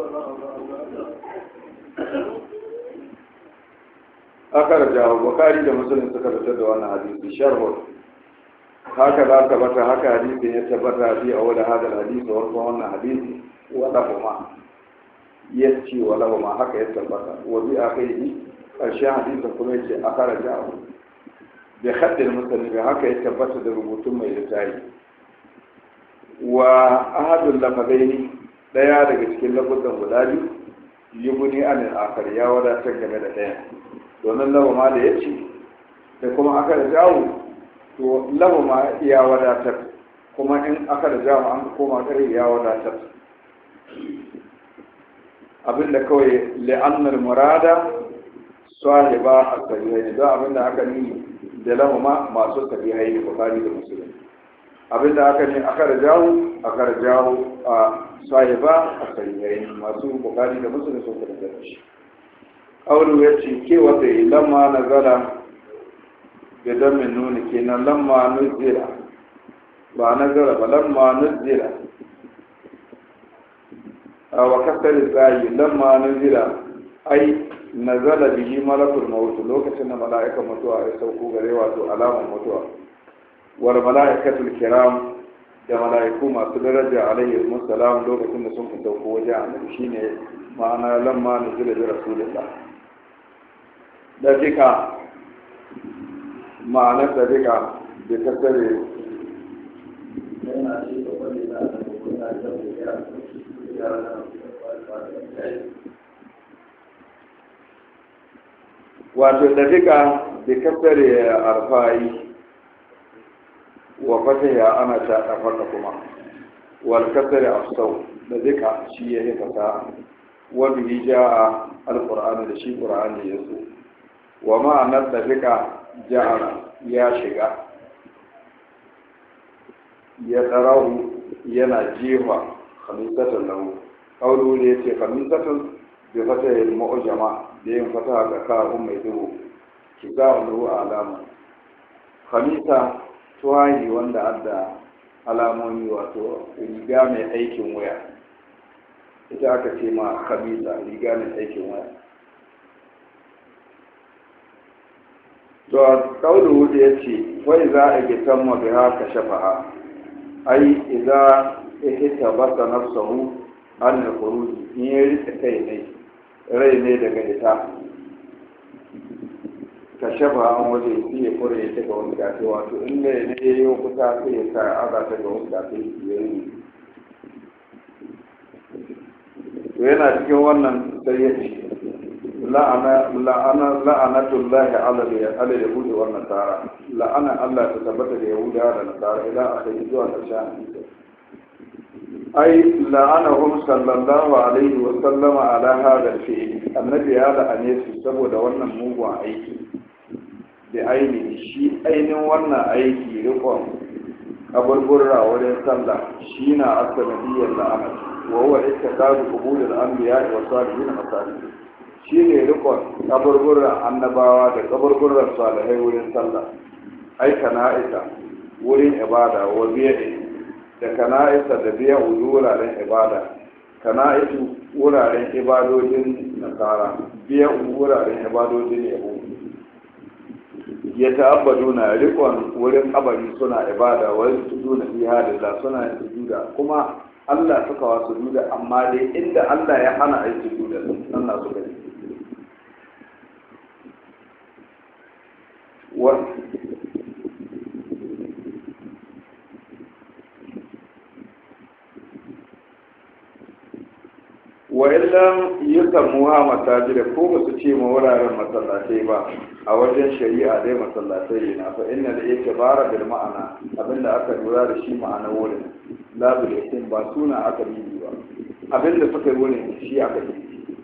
akar jawo bukari da musulun suka fitar da wannan hadisi sharhul haka za bata haka hadisin ya tabbata bi a wadda hadar hadisi kuma wannan hadisi wadda kuma ya ce wa laba ma haka ya tabbata wa bi a kai yi ƙarshen hadisa kuma ya ce a kara jawo da haddin musulmi haka ya tabbata da rubutun mai littafi wa ahadun lafadaini ɗaya daga cikin lafazan guda biyu yuguni anil akar ya wadatar game da ɗaya domin laba ma da ya ce da kuma aka da jawo to lama ma ya wadatar kuma in aka da jawo an koma ƙarfi ya wadatar abinda kawai la'annar murada ba a sahihai da abinda aka ni da lahuma masu sahihai bukhari da musulun abinda aka ni akara jawo a akara jawo a sahiba a sahihai masu bukhari da musulun sun karanta shi auru ya ce ke wata lamma na zara da damin nuni kenan lamma nuzira ba na zara ba lamma nuzira wa kasar tsayi lamma nuzila ai nazala yi malakul maut lokacin da mala'ikan mutuwa ya sauko gare wato mutuwa wani kiram da mala'iku masu daraja alaihi musallam lokacin da sun fi sauko wajen annabi shine ma'ana lamma nuzila bi rasulillah da dika ma'anar da dika da kasar yana ce da wani da ya wato dafiƙa da kafar arfa'i wa ya ana ta ɗafarta kuma wal kafar afsau da zika shi ya yi fata Wani ya ja a alƙur'ani da shi ƙur'ani ya so wa ma'anar dafiƙa jihar ya shiga ya tsarau yana jefa khamisatan lahu qawlu li yati khamisatan bi al mu'jama da yin fataha ga ummi mai dubu kizahu alama khamisa tuwayi wanda adda alamomi wato riga mai aikin waya ita aka ce ma khamisa riga mai aikin waya to qawlu li yati ce wai za a gitan ai iza yake ta basa nafsahu an da kuruji in ya rike kai ne rai ne daga ita ka shafa an waje su ya kura ya ta wani gafe wato in da ya yi kusa sai ya sa a ta ga wani gafe ya yi to yana cikin wannan sai ya ce la'anatullahi ala yahudi wa nasara la'ana Allah ta tabbata da yahudawa da nasara ila yi zuwa ƙarshen hadisi ai la'anahum sallallahu alaihi wa sallama ala hada fi annabi ya la'ane su saboda wannan mugun aiki da aini shi ainihin wannan aiki rikon kaburburra wurin sallah shi na asanadiyar la'ana, wa huwa ittikazu da anbiya wa salihin masajid shi ne rikon kaburburran annabawa da kaburburran salihai wurin sallah ai kana'ita wurin ibada wa biya'i da kana'isa da biyan wuzu wuraren ibada kana'isu wuraren ibadojin nasara biyan wuraren ibadojin yahudu ya ta'abbadu na rikon wurin abari suna ibada wani zo na biya da suna yin sujuda kuma allah suka wa sujuda amma dai inda allah ya hana a yi sujuda nan na suka yi Wa wa'illan yi samuwa masajid ko ba su ce ma wuraren masallatai ba a wajen shari'a dai masallatai na fa inna da yake bara da ma'ana abinda aka lura da shi ma'ana wurin la bi yakin ba suna aka yi ba abinda suka yi wurin shi aka yi.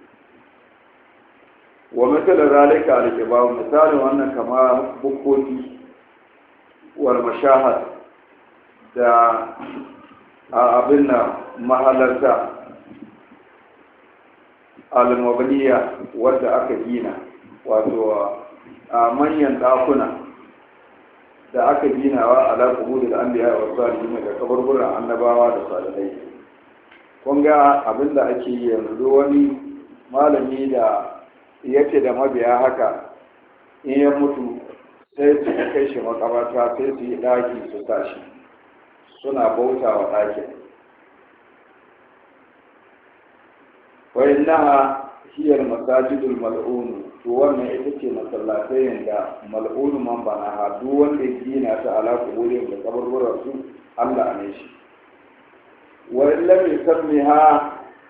wa mithla zalika al kibar misalin wannan kama bukoti, wal mashahad da abin nan mahalarta al-mabliya wadda aka gina wato a manyan dakuna da aka wa ala kubudu da an wa salihin da kabarburan annabawa da salihai kun ga abin da ake yi yanzu wani malami da yake da mabiya haka in ya mutu sai su kai shi makabarta sai su yi ɗaki su tashi suna bautawa wa ɗakin wa innaha hiya al-masajidul mal'un to wannan ita ce masallatai da mal'un man bana ha duk wanda ya gina ta ala kuburin da kaburburan su Allah ne shi wa illam yusammiha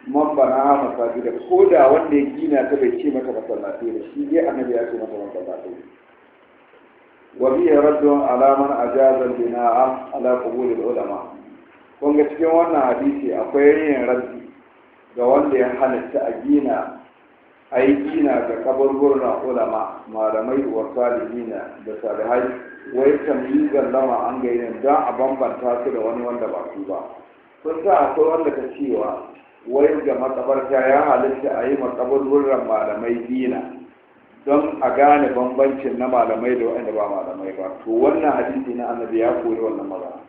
man bana ha ko da wanda ya gina ta bai ce mata masallatai ba shi masallatai وفيه رد على من أجاز البناء على قبول العلماء kun ga cikin wannan hadisi akwai yin ga wanda ya halitta a gina a yi gina ga gurna ulama malamai wa salihina da salihai wai tamyizan lama an gairin don a bambanta su da wani wanda ba su ba sun sa akwai wanda ka cewa wai ga matsabarta ya halitta a yi gurna malamai gina don a gane bambancin na malamai da waɗanda ba malamai ba to wannan hadisi na annabi ya koyi wannan magana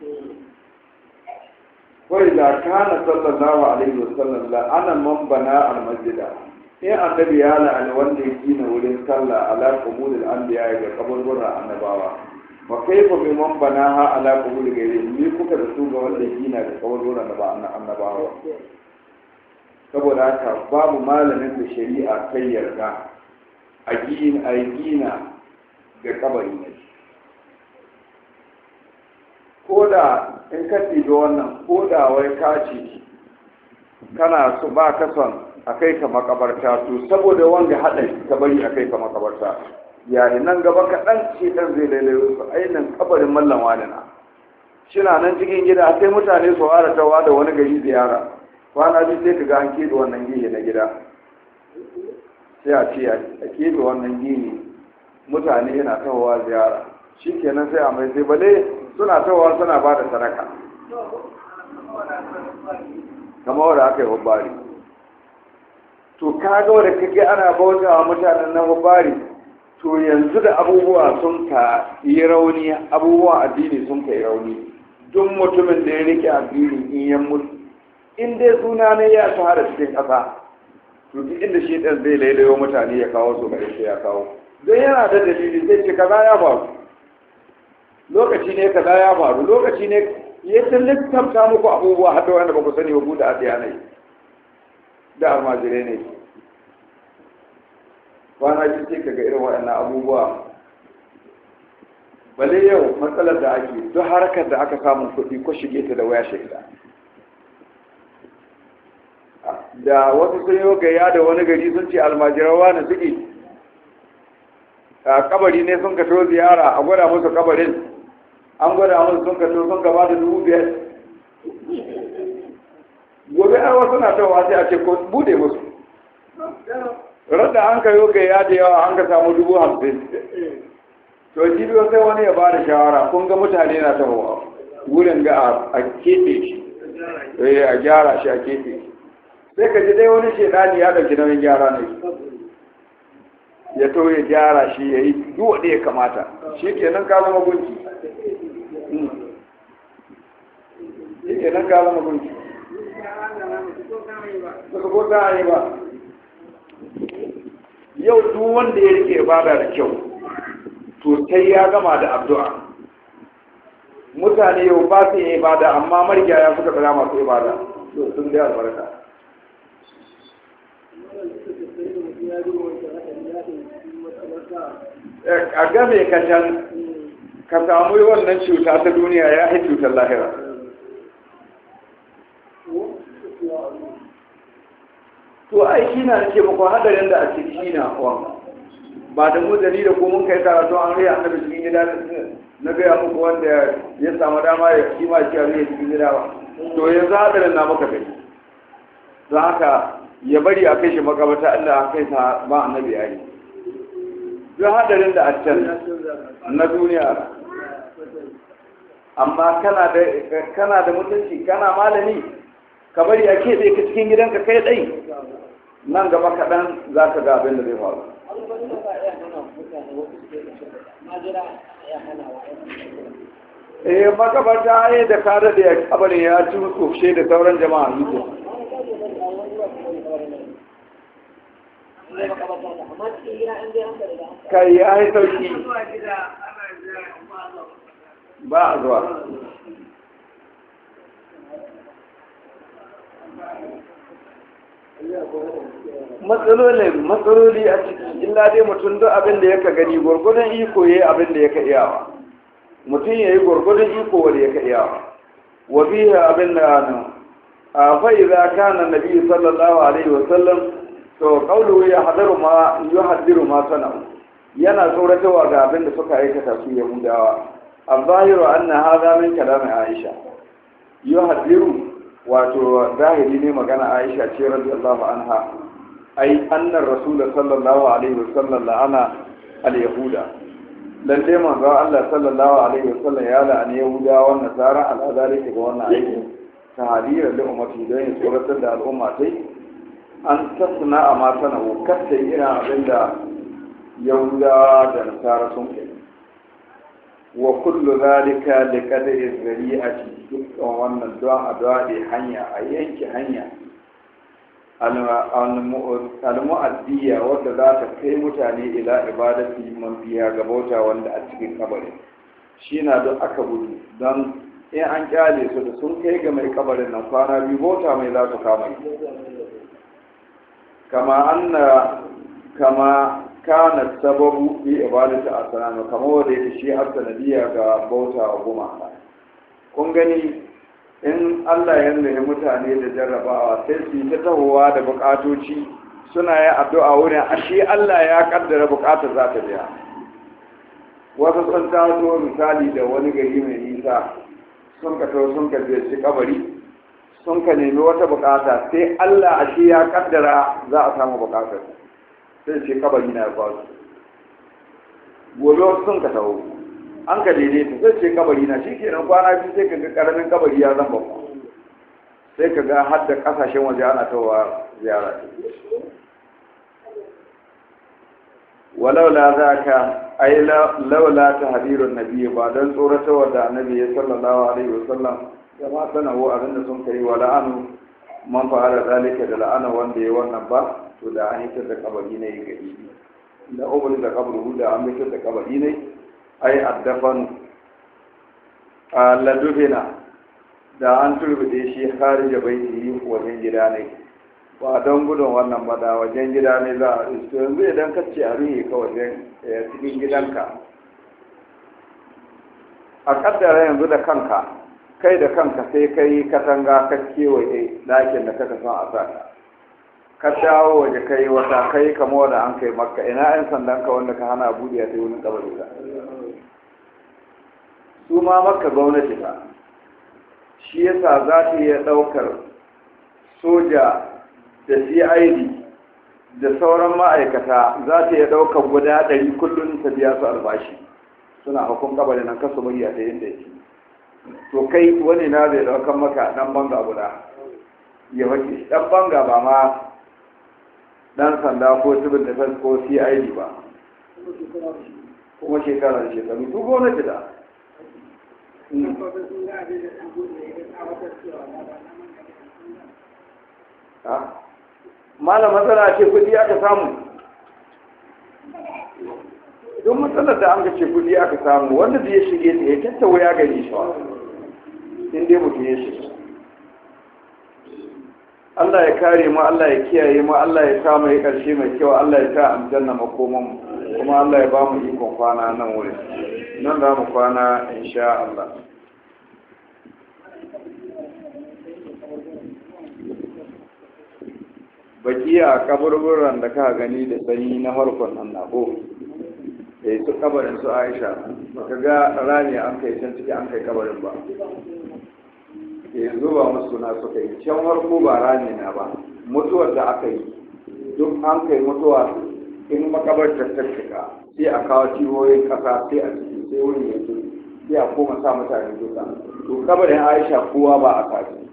wai da kana sallallahu alaihi wasallam la ana man bana al masjida in ya la'ani wanda ya gina wurin sallah ala qubulil anbiya ga kaburburan annabawa wa kaifa bi man banaha ala qubul gairi ni kuka da su ga wanda gina ga saboda haka babu malamin da shari'a kai yarda a gina ga kabari ne Koda in ka ɗibi wannan koda da wai ka ci kana su ba ka son a kai ka makabarta to saboda wanda haɗa ka bari a kai ka makabarta yayi nan gaba kaɗan ce ɗan zai lailayo su ainihin kabarin mallan wani na shina nan cikin gida sai mutane su ware tawa da wani gari ziyara kwana biyu sai ka ga an keɓe wannan gini na gida sai a ce a keɓe wannan gini mutane yana tawa ziyara shikenan sai a mai sai bale suna tawa suna ba da sadaka kamar wadda aka yi hubbari to kaga wadda kake ana bautawa mutanen na hubbari to yanzu da abubuwa sun ka yi rauni abubuwa addini sun ka yi rauni duk mutumin da ya rike addini in yan mutu in dai suna ne ya hada cikin ƙasa to duk inda shi ɗan zai lailayo mutane ya kawo su ga shi ya kawo don yana da dalili zai ce kaza ya faru lokaci ne kaza ya faru lokaci ne ya ta littafta muku abubuwa har da wanda ba ku sani ba buɗe asiya ne da almajirai ne kwana shi sai kaga irin waɗannan abubuwa bale yau matsalar da ake duk harkar da aka samu kuɗi ko shige ta da waya shaida da wasu sun yi gaya da wani gari sun ce almajirawa na suke a kabari ne sun ka ziyara a gwada musu kabarin an gwada wani sun kato sun gaba da dubu biyar gobe a wasu na ta wasu a ce ko bude musu radda an kayo kai ya da yawa an ka samu dubu hamsin to shi biyo sai wani ya ba da shawara kun ga mutane na tawa wurin ga a kefe shi eh, a gyara shi a kefe shi sai ka ji dai wani shekani ya ɗauki nauyin gyara ne ya to ya gyara shi ya yi duwa ya kamata shi kenan ka zama gunki ke nan ga wani gunki ko ta yi ba yau duk wanda ya rike ibada da kyau to sai ya gama da addu'a mutane yau ba su yi ibada amma marigaya suka tsara masu ibada to sun da albarka eh, a game ka can ka samu wannan cuta ta duniya ya yi cutar lahira to ai shi na ce muku hadarin da a ce shi na wa ba da mu dalili da ko mun kai karatu an rai annabi cikin gida na gaya muku wanda ya samu dama ya kima shi a rai cikin gida ba to yanzu hadarin na maka gani don haka ya bari a kai shi makabata Allah a kai sa ba annabi ayi don hadarin da a can na duniya amma kana da mutunci kana malami ka bari a keɓe ka cikin gidanka kai ɗai nan gaba kaɗan za ka ga abin da zai faru eh makabarta ya da kare da ya kabarin ya ci tsofshe da sauran jama'a ko. kai ya yi sauki ba a zuwa matsaloli matsaloli a ciki illa dai mutum duk abin da yaka gani gwargwadon iko ya yi abin da yaka iyawa mutum ya yi gwargwadon iko wanda yaka iyawa wa fiha abin da nan a fa idza kana nabi sallallahu alaihi wasallam to qawluhu ya hadaru ma yuhaddiru ma sana'u yana tsoratarwa ga abin da suka aikata su yahudawa al-zahiru na hadha min kalamin aisha yuhaddiru wato zahiri ne magana aisha ce radiyallahu anha ai annar rasul sallallahu alaihi wasallam la'ana al-yahuda lalle manzo Allah sallallahu alaihi wasallam ya la'ani yahuda wa nasara ala zalika ga wannan aiki tahdira li ummati dan ya tsoratar da al'umma sai an tasna a mata na hukatta irin abinda yahuda da nasara sun kai wa kullu zalika li qad'i zari'ati dukkan wannan don a da hanya a yanke hanya al-mu'addiya wadda za ta kai mutane ila ibadati man biya ga bauta wanda a cikin kabarin shi na don aka gudu don in an kyale su da sun kai ga mai kabarin nan kwana biyu bauta mai za su kama kama anna kama kana sababu bi ibadati kamar wanda yake shi asanadiya ga bauta guma? kun gani in Allah ya nuna mutane da jarrabawa sai su ta tahowa da bukatoci suna yin addu'a wurin ashe Allah ya kaddara bukata za ta biya wasu sun taso misali da wani gari mai nisa sun ka sun ka ziyarci kabari sun ka nemi wata bukata sai Allah ashe ya kaddara za a samu bukatar sai ce kabari na ya su gobe wasu sun ka tawo an ka daidaita sai ce kabari na shi ke nan kwana shi sai ka ga karamin kabari ya zama ku sai ka ga har da kasashen waje ana tawa ziyara walaula za ka ai laula ta hadirun nabi ba don tsorata da annabi ya sallallahu alaihi wasallam da ma sanawo abinda sun kai wa la'anu man fa'ala zalika da la'ana wanda ya wannan ba to da an hitar da kabari ne ga ibi da umar da kabaru da an hitar da kabari ne ai addafan a ladufina da an turbide shi har da baiti wajen gida ne ba don gudun wannan ba da wajen gida ne za a risto yanzu idan ka ce a ruhe ka wajen eh, cikin gidanka a kaddara yanzu da kanka kai da kanka sai kai katanga ka kewaye ɗakin da kaka son a sa ka shawo waje kai wata kai kama wanda an kai makka ina yan sandan ka wanda ka hana a buɗe a sai wurin kabari da su ma makka gwamnati ba shi yasa za ta iya ɗaukar soja da cid da sauran ma'aikata za ta iya ɗaukar guda ɗari kullum ta biya su albashi suna hukun kabarin nan kasu bari a ta yin da yake to kai wani na zai ɗaukar maka dan banga guda ya wake dan banga ba ma dan sanda ko civil defense ko cid ba kuma shekarar shekaru duk gwamnati da malama matsala ce kudi aka samu don matsalar da an ce kudi aka samu wanda zai shige ta ya tattawa ya gani shi in dai mutum ya shige Allah ya kare mu Allah ya kiyaye mu Allah ya sa yi karshe mai kyau Allah ya sa aljanna makoman mu kuma Allah ya ba mu ikon kwana nan wuri nan za mu kwana insha Allah baki a kaburburan da ka gani da sanyi na harkon nan na ko da eh, su kabarin su aisha baka ga rani an kai can ciki an kai kabarin ba yanzu ba musu na suka yi can farko ba rami na ba mutuwar da aka yi duk an kai mutuwa in makabar ta tattaka sai a kawo ciwoyin kasa sai a ciki sai wani ya ce sai a koma sa mutane duka to kabarin aisha kowa ba a kaji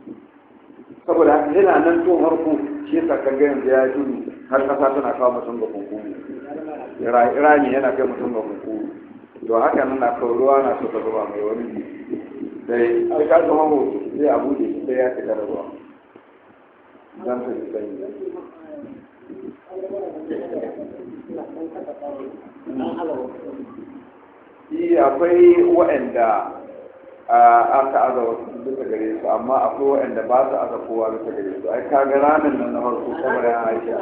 saboda haka yana nan tun harko shi yasa kan yanzu ya yi har kasa tana kawo mutum ga kunkuru rami yana kai mutum ga kunkuru to haka nan na kawo ruwa na so ta zuba mai wani biyu. dai eh, ai ka zama mu zai abu da shi ya ta garawa dan ta sai Yi akwai waɗanda aka aza bisa gare su amma akwai waɗanda ba su aza kowa bisa gare su ai kaga ranar nan na farko kabarin aisha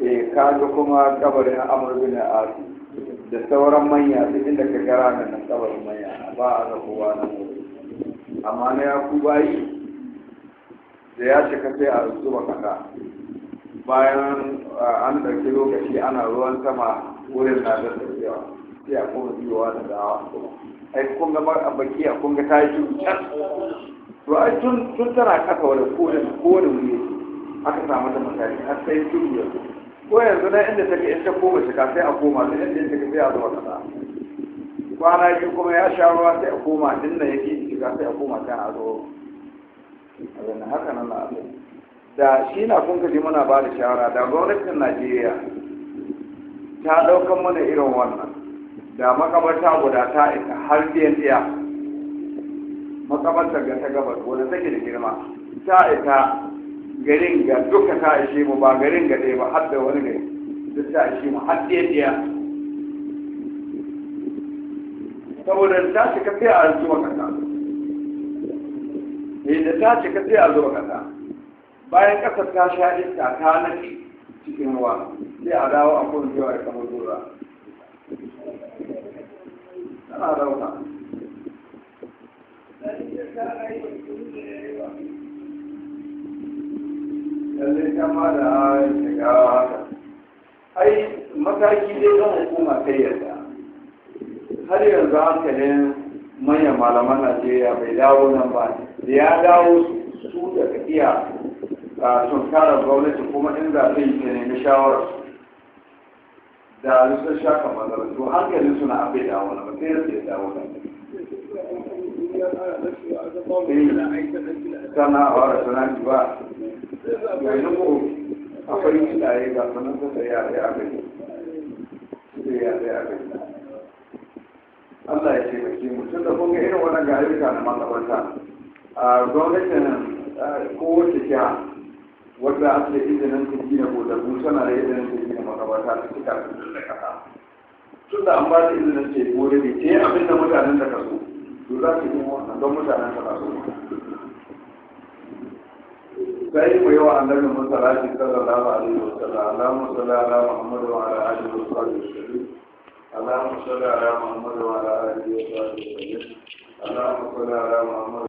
eh kaga kuma kabarin amur bin asi da sauran manya duk inda ka gara da nasabar manya ba a rabuwa na mutu amma na ya ku bayi da ya shiga sai a zuba kasa bayan an ɗauki lokaci ana ruwan sama wurin na da tsirgewa sai a kuma biyuwa da dawa ai kun ga a baki a kun ga ta yi cutar to ai tun tana kasa wani kowane kowane wuri aka samu da misali har sai tun yanzu ko yanzu na inda take in ta koma shiga sai a koma duk inda take sai a zuwa kasa kwana biyu kuma ya sha ruwa sai a koma din na yake shiga sai a koma ta a zo abin haka nan na abu da shi na kun kaji muna ba da shawara da gwamnatin najeriya ta daukan mana irin wannan da makabarta guda ta ita har biyan iya makabarta ga ta gabas wadda take da girma ta ita garin ga duka ta ishe mu ba garin ga ɗaya ba har da wani gari duk ta ishe mu har ɗaya ɗaya saboda ta ka fiye a zuwa kasa ne da ta ka fiye eh, a zuba kasa bayan ƙasar ta sha iska ta nake cikin ruwa sai a dawo a kuma zuwa ya kama zuwa tana rauta Thank you. lalle ta ma da shiga haka ai mataki dai na hukuma kai yadda. har yanzu hankalin manyan malaman najeriya bai dawo nan ba da ya dawo su daga iya sun kara gwamnati kuma in za ta yi ta nemi shawarar da alisar shaka mazalar to hankalin suna abin dawo nan ba sai da dawo nan sana a wara sana ji ba yanzu ko akwai kilaye ga sanar da ya sai a gani sai ya sai a gani Allah ya taimake mu tun da kun ga irin wannan ga ayyuka na makabarta a gwamnatin kowace jiha wadda ake izinin ta gina godabu tana da izinin ta gina makabarta ta cika da kasa tun da an ba ta izinin ce godabu ce abin da mutanen da ka so to za su yi wa don mutanen ka ba sai mu yi wa annabi musallati sallallahu alaihi wa sallam Allahumma salli ala Muhammad wa ala alihi wa sahbihi Allahumma salli ala Muhammad wa ala alihi wa sahbihi Allahumma salli ala Muhammad